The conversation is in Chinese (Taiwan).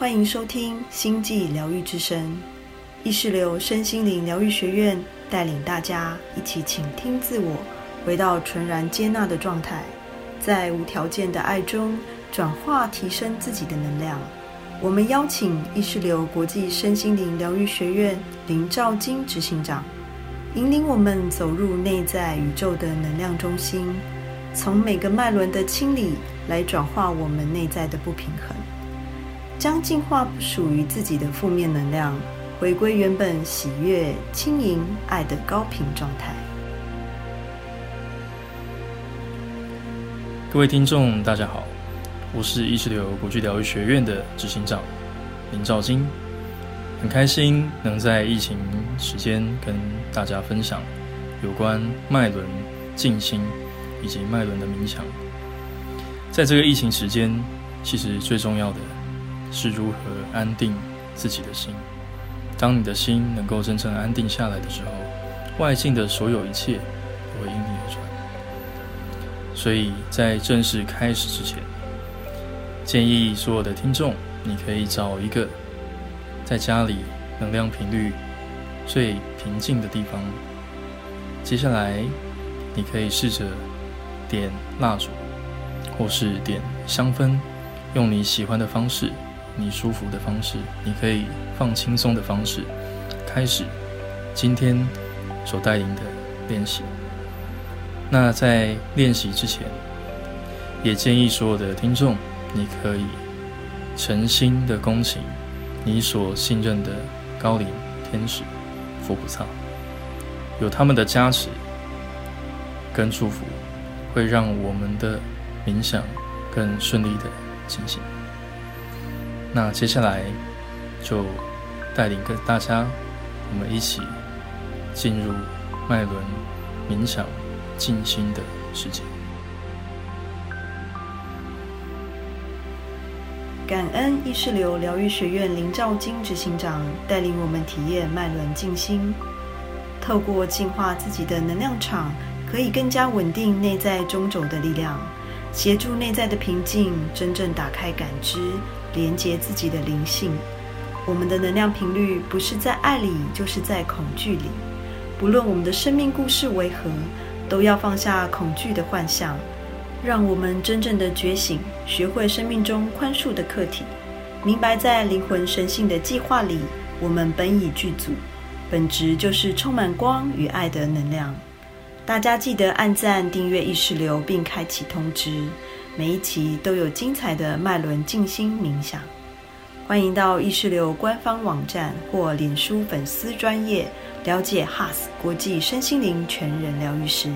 歡迎收聽《星際療癒之聲》，藝識流身心靈療癒學院帶領大家一起傾聽自我，回到純然接納的狀態，在無條件的愛中轉化提升自己的能量。我們邀請藝識流國際身心靈療癒學院林兆京執行長，引領我們走入內在宇宙的能量中心，從每個脈輪的清理來轉化我們內在的不平衡。將淨化不屬於自己的負面能量，回歸原本喜悅、輕盈、愛的高頻狀態。各位聽眾，大家好，我是藝識流國際療癒學院的執行長林兆京，很開心能在疫情時間跟大家分享有關脈輪靜心以及脈輪的冥想。在這個疫情時間，其實最重要的，是如何安定自己的心？當你的心能夠真正安定下來的時候，外境的所有一切都會因你而轉。所以在正式開始之前，建議所有的聽眾，你可以找一個在家裡能量頻率最平靜的地方。接下來，你可以試着點蠟燭，或是點香氛，用你喜歡的方式。你舒服的方式，你可以放輕鬆的方式，開始今天所帶領的練習。那在練習之前，也建議所有的聽眾，你可以誠心的恭請你所信任的高靈天使、佛菩薩，有他們的加持跟祝福，會讓我們的冥想更順利的進行。那接下來就帶領跟大家，我們一起進入脈輪冥想靜心的世界。感恩藝識流療癒學院林兆京執行長帶領我們體驗脈輪靜心，透過淨化自己的能量場，可以更加穩定內在中軸的力量。協助內在的平靜，真正打開感知，連接自己的靈性。我們的能量頻率不是在愛裡，就是在恐懼裡。不論我們的生命故事為何，都要放下恐懼的幻象，讓我們真正的覺醒，學會生命中寬恕的課題，明白在靈魂神性的計劃裡，我們本已具足，本質就是充滿光與愛的能量。大家記得按讚、訂閱藝識流，並開啟通知，每一期都有精彩的脈輪靜心冥想。歡迎到藝識流官方網站或臉書粉絲專頁了解 HAS 國際身心靈全人療癒師。